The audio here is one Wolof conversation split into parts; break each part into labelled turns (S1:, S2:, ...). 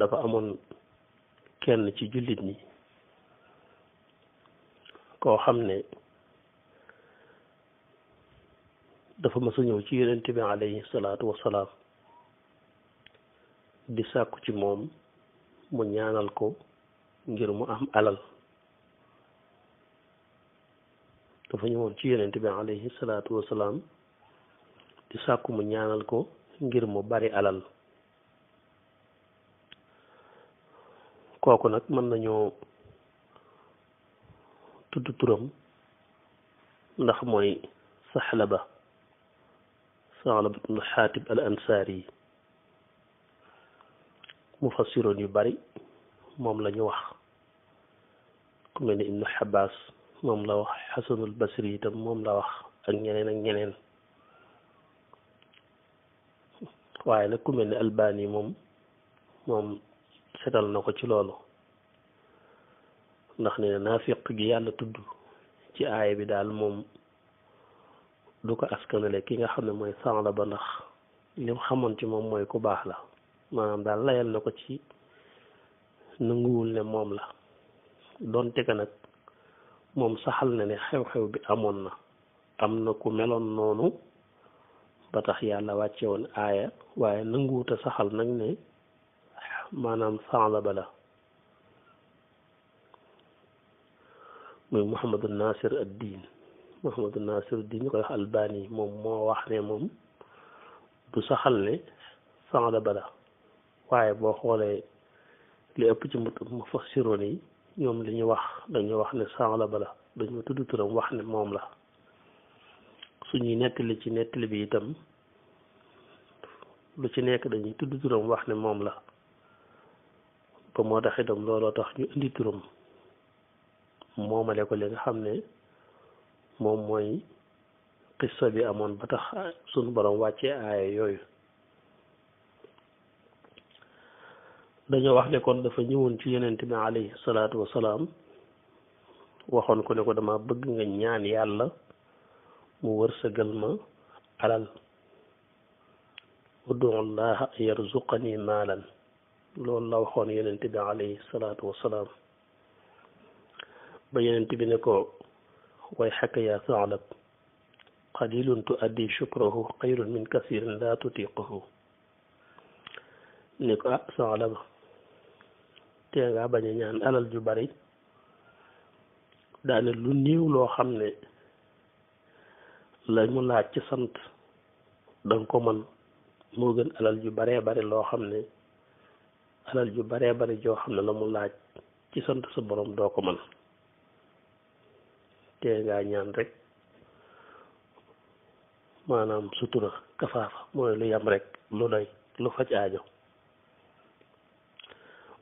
S1: dafa amoon kenn ci jullit ni koo xam ne dafa mas a ñëw ci yonente bi alayhi salaatu wasalaam di sàkku ci moom mu ñaanal ko ngir mu am alal dafa ñëwoon ci yonente bi alayhi salaatu wasalaam di sàkku mu ñaanal ko ngir mu bari alal kooku nag mën nañoo tudd turam ndax mooy saxlaba saxlaba ibnu xaatib al ansaari yi mufassiroon yu bari moom la wax ku mel ni ibnu xabaas moom la wax xasanul basri itam moom la wax ak ñeneen ak ñeneen waaye nag ku mel ni albani moom moom setal na ko ci loolu ndax ne naa naafiq gi yàlla tudd ci aaya bi daal moom du ko askanale ki nga xam ne mooy sànla ba ndax lim xamoon ci moom mooy ku baax la maanaam daal layal na ko ci nanguwul ne moom la donte ka nag moom saxal na ne xew-xew bi amoon na am na ku meloon noonu ba tax yàlla wàcce woon aaya waaye nanguwuta saxal nag ne maanaam Saalaba la muy Mouhamadou Nasir ad-Din Mouhamadou Nasir ad-Din ñu koy wax Albani moom moo wax ne moom du saxal ne Saalaba la waaye boo xoolee li ëpp ci mufassiroon yi ñoom li ñu wax dañu wax ne Saalaba la dañu tudd turam wax ne moom la su suñuy nettali ci nettali bi itam lu ci nekk dañuy tudd turam wax ne moom la ba moo tax itam looloo tax ñu indi turam moomale ko li nga xam ne moom mooy qissa bi amoon ba tax sunu borom wàccee aaya yooyu dañoo wax lekkoon dafa ñëwoon ci yonent bi alayhi waxoon ko ne ko dama bëgg nga ñaan yàlla mu wërsëgal ma alal udu llaha yarzuqani maalan loolu la waxoon yonent bi alayhi salaatu wassalaam ba yonent bi ne ko way xakka yaa saalab qalilun tu addi shukrahu xayrun min kasirin laa tutiquhu ne ko ah saalab te nga bañ alal ju bari daane lu néew loo xam ne la mu laaj ci sant danga ko man gën alal ju baree bari loo xam ne alal yu baree bari joo xam ne la mu laaj ci sant su boroom doo ko man te ngaa ñaan rek maanaam sutura kafaafa mooy lu yam rek lu doy lu faj aajo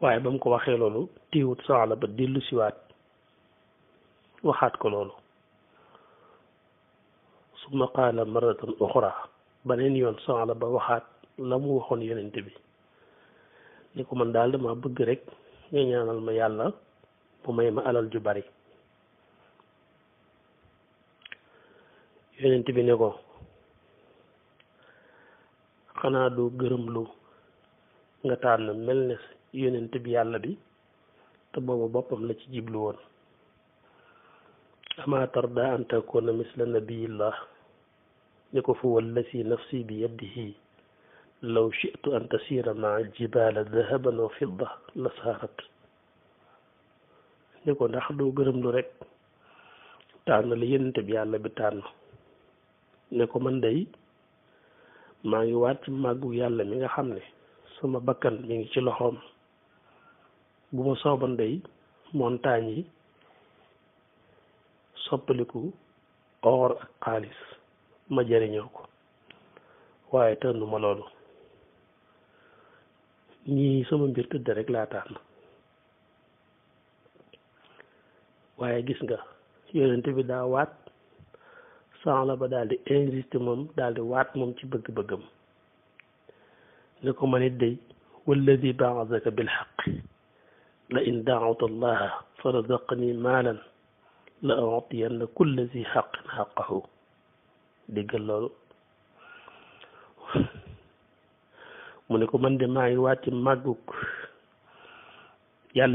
S1: waaye ba mu ko waxee loolu tiiwut la ba dellu siwaat waxaat ko loolu summa qaala maratan uxra beneen yoon la ba waxaat la mu waxoon yonent bi ni ko man daal dama bëgg rek ñu ñaanal ma yàlla bu may ma alal ju bari yonent bi ne ko xanaa doo gërëmlu nga tànn mel ne yonent bi yàlla bi te booba boppam la ci jiblu woon ama tarda an takuna misla nabiyillah ni ko fuwal la si nafsi bi yadihi law shi'tu an tasira maa jibaala dahaban wa fidda la saarat ni ko ndax doo gërëm lu rek tànn la yénte bi yàlla bi tànn ne ko man day maa ngi waat ci màggu yàlla mi nga xam ne suma bakkan mi ngi ci loxoom bu ma sooban day montagne yi soppaliku or ak xaalis ma jëriñoo ko waaye tënnu ma loolu ñii sama mbir tëdd rek laa tànn waaye gis nga yonent bi daa waat san la ba daal di insister moom daal di waat moom ci bëgg-bëggam ne ko man it day walladi baasaka bilxaq la in daawta allaha fa razaqani maalan la utiyanna kulla zi xaqin xaqahu déggal loolu mu ne ko man de maa ngi waat ci màggug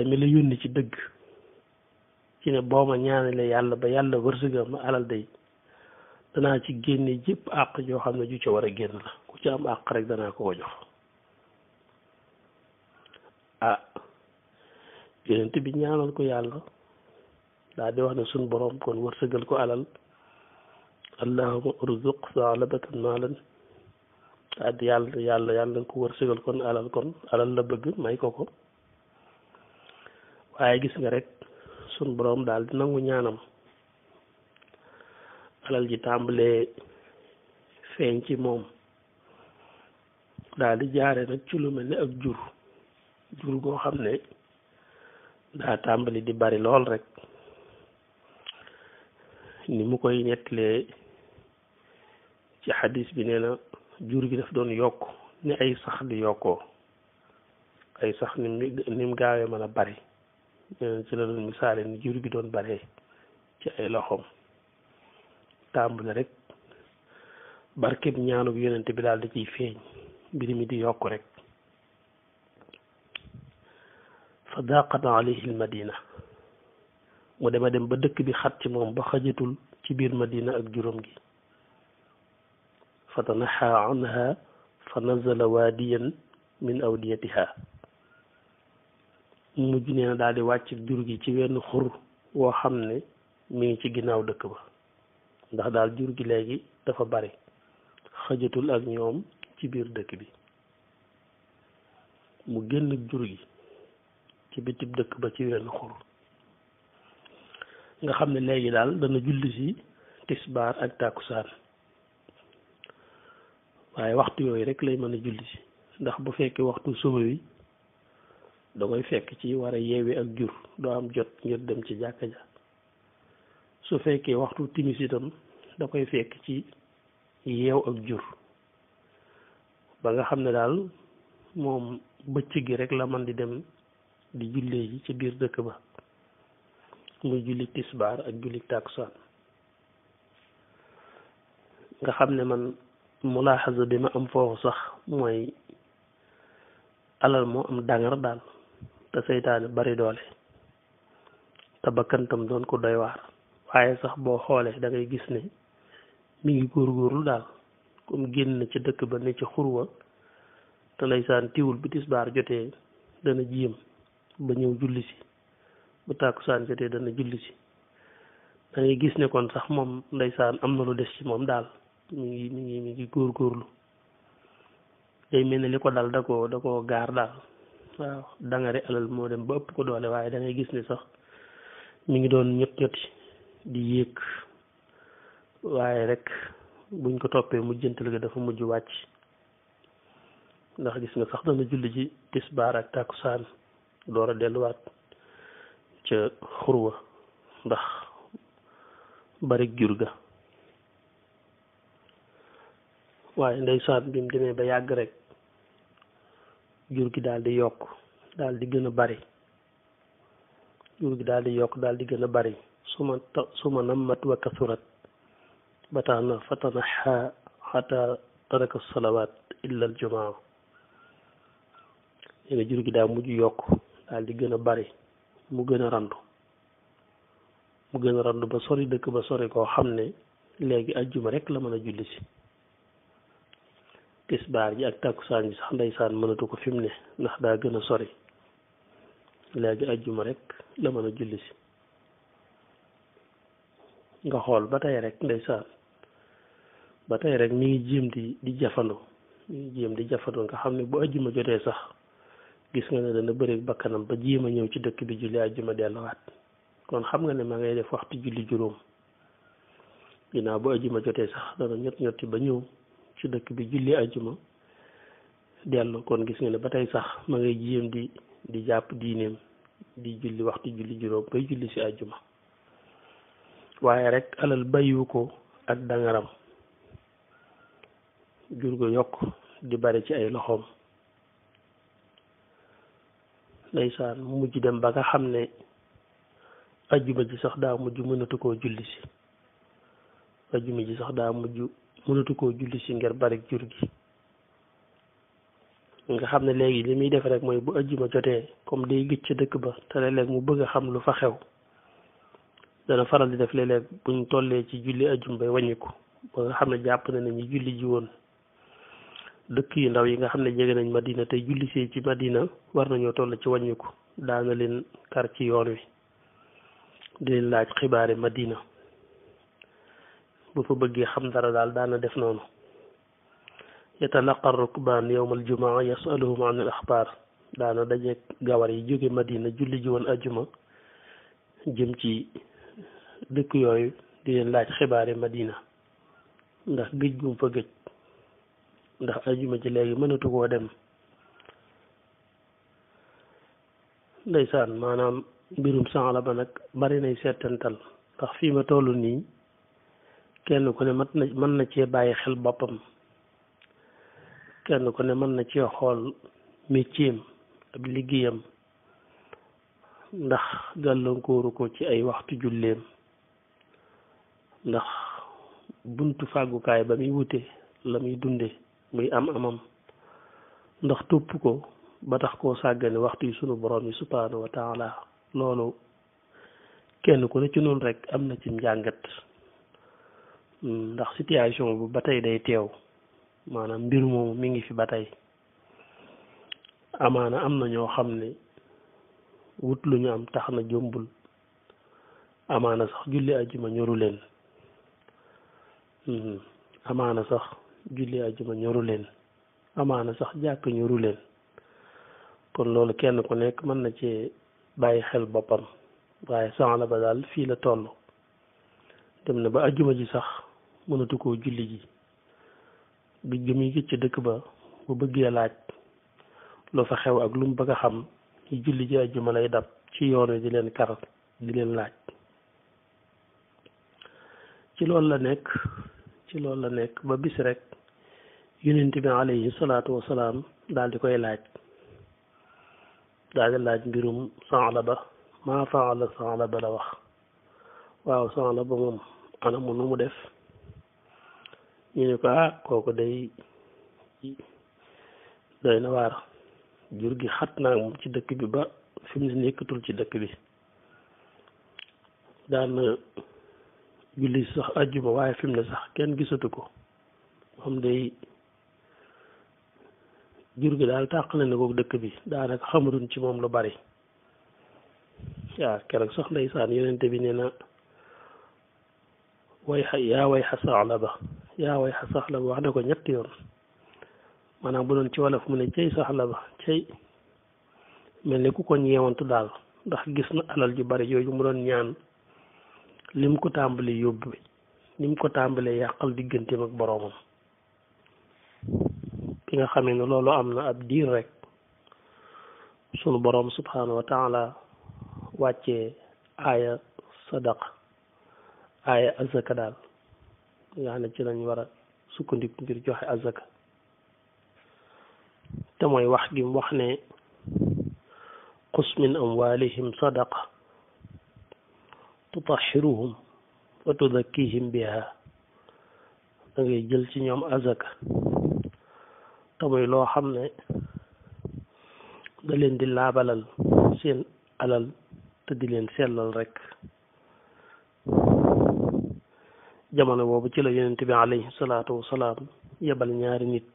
S1: mi la yónni ci dëgg ci ne boo ma ñaanale yàlla ba yàlla wërsëga ma alal day danaa ci génne jëpp àq joo xam ne ju ca war a génn la ku ci am àq rek danaa ko ko jox ah yonent bi ñaanal ko yàlla daa di wax ne suñ boroom kon wërsëgal ko alal allahuma urzuq saalabatan maalan ak yàlla yàlla yàlla ko wërsëgal kon alal kon alal la bëgg may ko ko waaye gis nga rek suñ boroom daal di nangu ñaanam alal ji tàmbalee feeñ ci moom daal di jaare nag ci lu mel ni ak jur jur goo xam ne daa tàmbali di bari lool rek ni mu koy nettalee ci xadis bi nee jur gi daf doon yokk ni ay sax di yokkoo ay sax ni mu ni mu gaawee mën a bari ci la doon misaale ni jur gi doon baree ci ay loxoom tàmbale rek barkeb ñaanub yonent bi daal di ciy feeñ mbir mi di yokk rek fa daqat alayhi al madina mu dema dem ba dëkk bi xat ci moom ba xajatul ci biir madina ak juróom gi fatanaxaa anha fa nazala waadiyan min awdiyatiha mujj nee na daal di wàcc jur gi ci wenn xur woo xam ne mi ngi ci ginnaaw dëkk ba ndax daal jur gi léegi dafa bari xajatul ak ñoom ci biir dëkk bi mu génn jur gi ci bitib dëkk ba ci wenn xur nga xam ne léegi daal dana julli si tisbaar ak tàkkusaan waaye waxtu yooyu rek lay mën a julli si ndax bu fekkee waxtu suba wi da koy fekk ci war a yeewi ak jur doo am jot ngir dem ci jàkka ja su fekkee waxtu timis itam da koy fekk ci yeew ak jur ba nga xam ne daal moom bëcc gi rek la man di dem di jullee ji ci biir dëkk ba muy julli tisbaar ak julli taksaan nga xam ne man mu mulaaxasa bi ma am foofu sax mooy alal moo am dangar daal te seytaane bari doole te bakkantam doon ko doy waar waaye sax boo xoolee dangay gis ne mi ngi góor góorgóorlu daal comme génn na ci dëkk ba ne ci xurwa te ndeysaan tiwul bi tisbaar jotee dana jiim ba ñëw julli si bu tàkkusaan jotee dana julli si da gis ne kon sax moom ndeysaan am na lu des ci moom daal mi ngi mu ngi mi ngi góorlu day mel ne li ko dal da koo da koo gaar daal waaw dangare alal moo dem ba ëpp ko doole waaye da gis ni sax mu ngi doon ñett ñetti di yéeg waaye rek buñ ko toppee mujjantal ga dafa mujj wàcc ndax gis nga sax dana julli ji tisbaar ak takkusaan door a delluwaat ca xurwa ndax bari jur ga waaye ndeysaan bi mu demee ba yàgg rek jur gi daal di yokk daal di gën a bari jur gi daal yokk daal di gën a bari su ma su ma nammat wa kasurat ba tax na fatanaxa xata taraka salawaat illa al jumaa jur gi daal mujj yokk dal di gën a bari mu gën a randu mu gën a randu ba sori dëkk ba sori koo xam ne léegi ak ajjuma rek la mën a julli si tisbaar ji ak saan bi sax ndeysaan mënatu ko fi mu ne ndax daa gën a sori léegi ajjuma rek la mën a julli si nga xool ba tey rek ndeysaan ba tey rek mi ngi jéem di di jafandu mi ngi jéem di jafandu nga xam ne bu ajjuma jotee sax gis nga ne dana bëri bakkanam ba jéem a ñëw ci dëkk bi julli ajjuma delluwaat kon xam nga ne ma ngay def waxtu julli juróom ginnaaw bu ajjuma jotee sax dana ñett ñetti ba ñëw ci dëkk bi julli ajjuma dellu kon gis nga ne ba tey sax ma ngay jéem di di jàpp diineem di julli waxtu julli juróom bay julli si ajjuma waaye rek alal bayu ko ak dangaram jur go yokk di bari ci ay loxoom ndeysaan mu mujj dem ba nga xam ne ajjuma ji sax daa mujj mënatu koo julli si ajjuma ji sax daa mujj mënatu koo julli si ngir bari jur gi nga xam ne léegi li muy def rek mooy bu ajjuma jotee comme day gëj ca dëkk ba te léeg mu bëgg a xam lu fa xew dana faral di def léeg-léeg buñ tollee ci julli ajjum bay wàññiku ba nga xam ne jàpp na ne ñu julli ji woon dëkk yu ndaw yi nga xam ne jege nañ Madina te julli see ci Madina war nañoo toll ci wàññiku daana leen kar ci yoon wi di leen laaj xibaari Madina bu ko bëggee xam dara daal daana def noonu yatalaqa rukbaan yowmal jumaa yasaluhum an al yi jóge madina julli ji woon ajuma jëm ci dëkk yooyu di leen laaj xibaari madina ndax gëj gum ndax ajuma ci léegi mënatu dem ndeysaan maanaam mbirum Saalaba nag bari nay seetantal ndax fii ma toll nii kenn ku ne mat na mën na cee bàyyi xel boppam kenn ku ne mën na cee xool métier ab liggéeyam ndax gàllankooru ko ci ay waxtu julleem ndax buntu fàggukaay ba muy wute la muy dunde muy am amam ndax topp ko ba tax koo sàggane waxtu yi sunu borom yi subhaanahu wa taala loolu kenn ku ne ci noonu rek am na ci njàngat ndax situation bu ba tey day teew maanaam mbir moomu mu ngi fi ba tey amaana am na ñoo xam ne wut lu ñu am tax na jumbul amaana sax julli ajjuma ñoru leen hmm. amaana sax julli ajjuma ñoru leen amaana sax jàkk ñoru leen kon loolu kenn ku nekk mën na ci bàyyi xel boppam waaye sax la ba daal fii la toll dem na ba ajjuma ji sax mënatu koo julli ji bi bi muy gëj ca dëkk ba bu bëggee laaj loo fa xew ak lu mu bëgg a xam ci julli ji ajjuma lay dab ci yoon di leen kar di leen laaj ci loolu la nekk ci loolu la nekk ba bis rek yonent bi alayhi salaatu wasalaam daal di koy laaj dal di laaj mbirum Saalaba maa faala Saalaba la wax waaw Saalaba moom ana nu mu def ñu ne ko ah kooku day doy na waar jur gi xat naa moom ci dëkk bi ba fi mu ne nekkatul ci dëkk bi daan na julli sax àjjuma waaye fi mu ne sax kenn gisatu ko moom day jur gi daal tàqale na ko dëkk bi daanaka xamatuñ ci moom lu bari waaw keroog sax ndeysaan yonente bi ne na way xa yaa way xa saala ba yaa saxla wax na ko ñetti yoon maanaam bu doon ci wolof mu ne cey saxla ba cey mel ni ku ko ñeewantu daal ndax gis na alal ju bari yooyu mu doon ñaan lim ko tàmbali yóbbu lim ko tàmbalee yàqal digganteem ak boroomam bi nga xamee ne loolu am na ab diir rek sunu boroom subhaanahu wa taala wàccee aaya sadaq aaya azaka daal nga ci lañu wara a sukkandiku ngir joxe azaka te mooy wax gi wax ne xus min amwalihim sadaqa tutaxiruhum wa tudakkihim biha da ngay jël ci ñoom azaka te loo xam ne da leen di laabalal seen alal te di leen sellal rek jamono boobu ci la yonent bi alayhi salaatu wasalaam yebal ñaari nit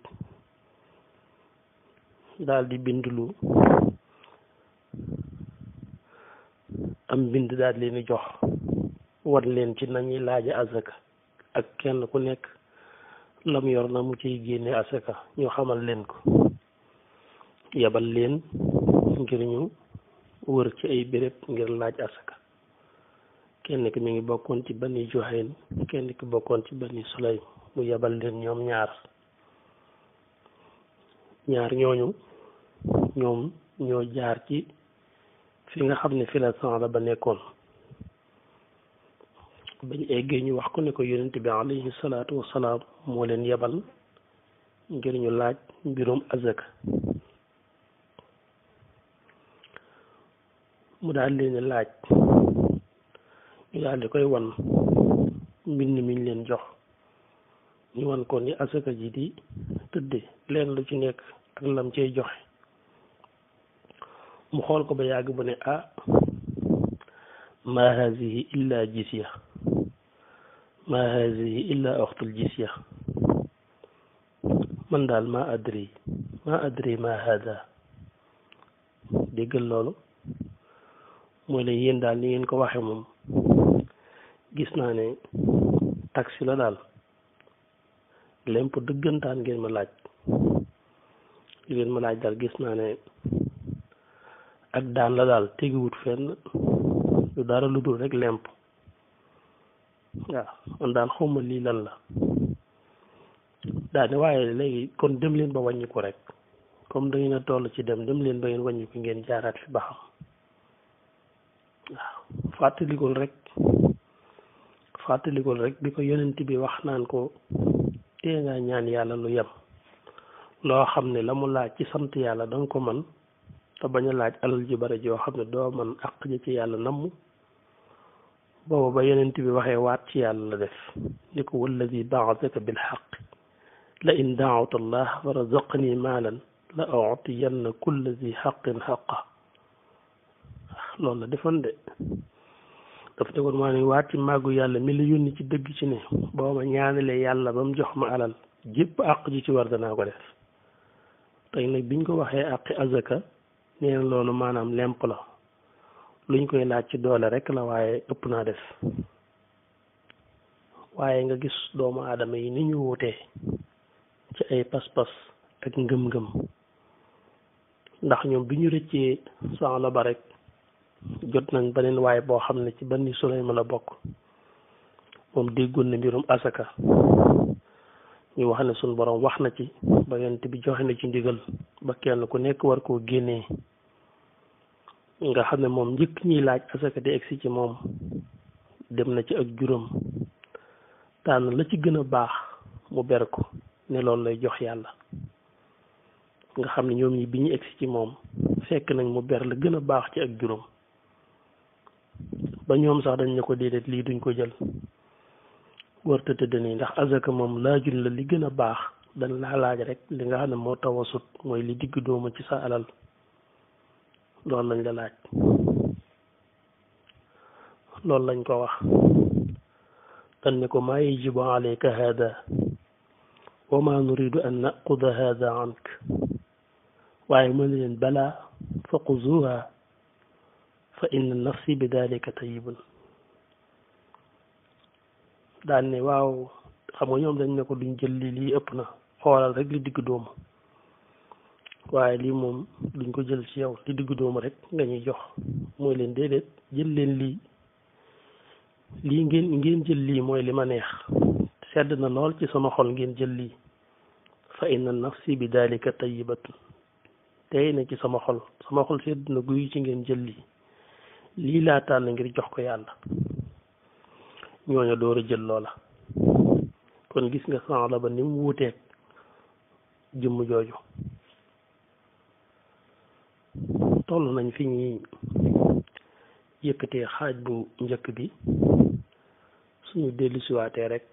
S1: daldi bind lu am bind daal di jox war leen ci nañuy laaje asaka ak kenn ku nekk lam yor na mu ciy génne asaka ñu xamal leen ko yebal leen ngir ñu wër ci ay béréb ngir laaj asaka kenn ki mi ngi bokkoon ci bani Juhayn kenn ki bokkoon ci bani Sulaym mu yebal leen ñoom ñaar ñaar ñooñu ñoom ñoo jaar ci fi nga xam ne fi la ba nekkoon bañ eggee ñu wax ko ne ko yonent bi alayhi salaatu wasalaam moo leen yebal ngir ñu laaj mbirum azaka mu daal leen laaj daal di koy wan mbind miñ leen jox ñu ko ni asaka ji di tëdde leen lu ci nekk ak lam cey joxe mu xool ko ba yàgg bu ne ah ma hazihi illa jisya ma hazihi illa oxtul jisya man daal ma adri ma adri ma hada déggal loolu mooy la yéen daal ni ngeen ko waxe moom gis naa ne taxi la daal lépp dëggantaan ngeen ma laaj ngeen ma laaj daal gis naa ne ak daan la daal tegiwut fenn lu dara lu dul rek lemp waaw man daal xaw ma lii lan la daane waaye léegi kon dem leen ba wàññi rek comme da ngeen a toll ci dem dem leen ba ngeen wàññi ngeen jaaraat fi ba xam waaw fàttalikul rek fàttalikul rek bi ko yonent bi wax naan ko tee nga ñaan yàlla lu yem loo xam ne la mu laaj ci sant yàlla danga ko man te bañ a laaj alal ji bare joo xam ne doo man àq ji ci yàlla namm boobu ba yonent bi waxee waat ci yàlla la def ni ko walladi baasaka bil xaq la in daawta allah wa razaqani maalan la utiyanna kulla zi xaqin xaqa loolu la defoon de dafa tegoon maa ne waati màggu yàlla mi la yónni ci dëgg ci ne boo ma yàlla ba mu jox ma alal jépp àq ji ci war danaa ko def tey nag biñ ko waxee àqi azaka nee loolu maanaam lemp la luñ koy laaj ci doole rek la waaye ëpp naa def waaye nga gis doomu aadama yi ni ñu wutee ci ay pas-pas ak ngëm-ngëm ndax ñoom bi ñu rëccee soxla ba rek jot nañ beneen waaye boo xam ne ci bani Sulayma la bokk moom déggoon na mbirum asaka ñu wax ne suñ borom wax na ci ba yonent bi joxe na ci ndigal ba kenn ku nekk war koo génnee nga xam ne moom njëkk ñiy laaj asaka di egsi ci moom dem na ci ak juróom tànn la ci gën a baax mu ber ko ne loolu lay jox yàlla nga xam ne ñoom ñi bi ñu egsi ci moom fekk nañ mu ber la gën a baax ci ak juróom ba ñoom sax dañ ne ko déedéet lii duñ ko jël war ta tëdd nii ndax azaka moom laajul la li gën a baax dañ laa laaj rek li nga xam ne moo tawasut mooy li digg dóoma ci sa alal lool lañ la laaj lool lañ ko wax dañ ne ko maa yajibu alayka hada wa ma nuridu an naquda hada ank waaye mën leen balaa faquzuha fa inna nafsi bi dalika tayyibun daan waaw xam nga ñoom dañ ne ko duñ jël li lii ëpp na xoolal rek li digg doomu waaye lii moom duñ ko jël ci yow li digg doomu rek nga ñuy jox mooy leen déedéet jël leen lii lii ngeen ngeen jël lii mooy li ma neex sedd na lool ci sama xol ngeen jël lii fa inna nafsi bi dalika tayyibatun tey na ci sama xol suma xol sedd na guy ci ngeen jël lii lii laa tànn ngir jox ko yàlla ñooñu door a jël loola kon gis nga sànq la ba ni mu wuuteeg jëmm jooju toll nañ fi ñuy yëkkatee xaaj bu njëkk bi suñu dellusiwaatee rek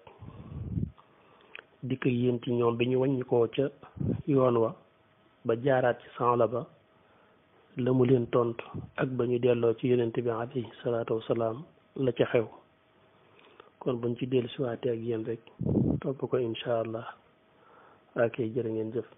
S1: dikk yéen ci ñoom bi ñu wàññi ca yoon wa ba jaaraat ci sànq la ba. la mu leen tontu ak ba ñu delloo ci yonent bi alayhi salaatu wasalaam la ci xew kon buñ ci dellusiwaatee ak yéen rek topp ko incha allah ak jërë ngeen jëf